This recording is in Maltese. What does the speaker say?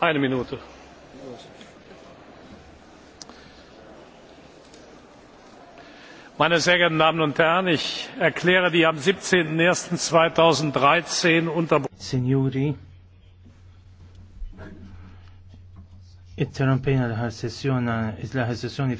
Eine Minute. Meine sehr geehrten Damen und Herren, ich erkläre die am 17.01.2013 unter... Signori, it-terampejna l-ħar sessjona,